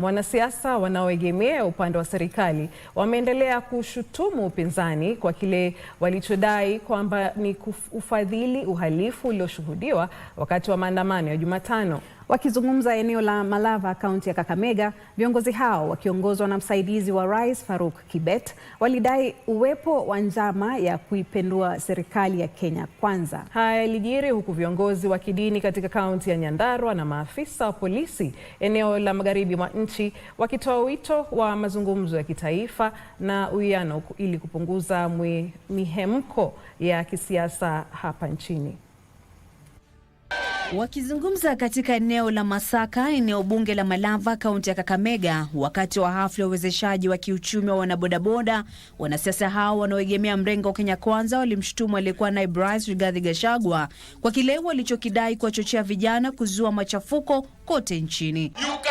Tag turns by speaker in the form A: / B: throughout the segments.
A: Mwanasiasa wanaoegemea upande wa serikali wameendelea kushutumu upinzani kwa kile walichodai kwamba ni ufadhili uhalifu ulioshuhudiwa wakati wa maandamano ya Jumatano.
B: Wakizungumza eneo la Malava, kaunti ya Kakamega, viongozi hao wakiongozwa na msaidizi wa rais Faruk Kibet walidai uwepo wa njama ya kuipendua serikali ya Kenya Kwanza.
A: Haya yalijiri huku viongozi wa kidini katika kaunti ya Nyandarua na maafisa wa polisi eneo la magharibi mwa nchi wakitoa wito wa mazungumzo ya kitaifa na uwiano ili kupunguza mihemko ya kisiasa hapa nchini.
B: Wakizungumza katika eneo la Masaka, eneo bunge la Malava, kaunti ya Kakamega, wakati wa hafla ya uwezeshaji wa kiuchumi wa wanabodaboda, wanasiasa hao wanaoegemea mrengo wa Kenya Kwanza walimshutumu aliyekuwa naibu rais Rigathi Gachagua kwa kile walichokidai kuwachochea vijana kuzua machafuko kote nchini Yuka.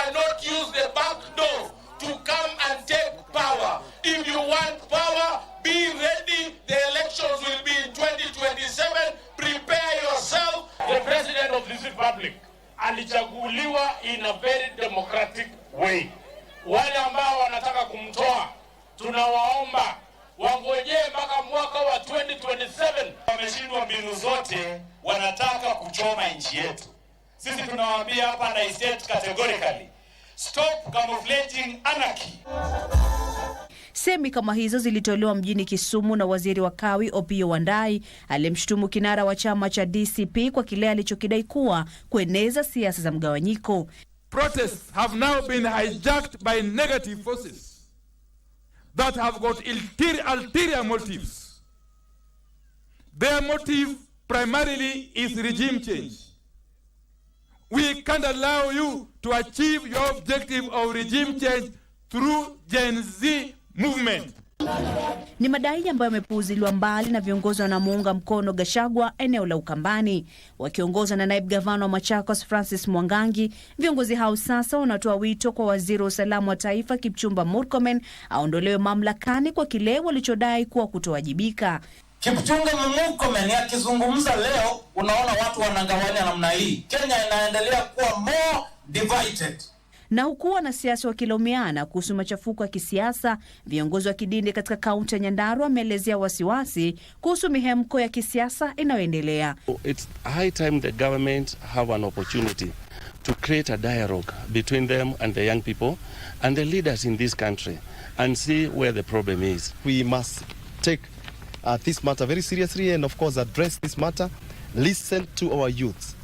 B: alichaguliwa in a very democratic way. Wale ambao wanataka kumtoa tunawaomba wangojee mpaka mwaka wa 2027. Wameshindwa mbinu zote, wanataka kuchoma nchi yetu. Sisi tunawaambia hapa na state categorically, stop camouflaging anarchy. Semi kama hizo zilitolewa mjini Kisumu na waziri wa kawi Opiyo Wandayi aliyemshutumu kinara wa chama cha DCP kwa kile alichokidai kuwa kueneza siasa za mgawanyiko. Protests have now been hijacked by negative forces that have got ulterior motives. Their motive primarily is regime change. We can't allow you to achieve your objective of regime change through Gen Z movement. Ni madai ambayo yamepuuziliwa mbali na viongozi wanamuunga mkono gashagwa eneo la Ukambani, wakiongozwa na naibu gavana wa Machakos Francis Mwangangi. Viongozi hao sasa wanatoa wito kwa waziri wa usalama wa taifa Kipchumba Murkomen aondolewe mamlakani kwa kile walichodai kuwa kutowajibika. Kipchumba Murkomen akizungumza leo, unaona watu wanagawanya namna hii. Kenya inaendelea kuwa more divided. Na huku wanasiasa wakilomeana kuhusu machafuko ya kisiasa, viongozi wa kidini katika kaunti ya Nyandarua wameelezea wasiwasi kuhusu mihemko ya kisiasa inayoendelea.
C: It's high time the government have an opportunity to create a dialogue between them and the young people and the leaders in this country and see where the problem is.
D: We must take uh, this matter very seriously and of course address this matter. Listen to our youths.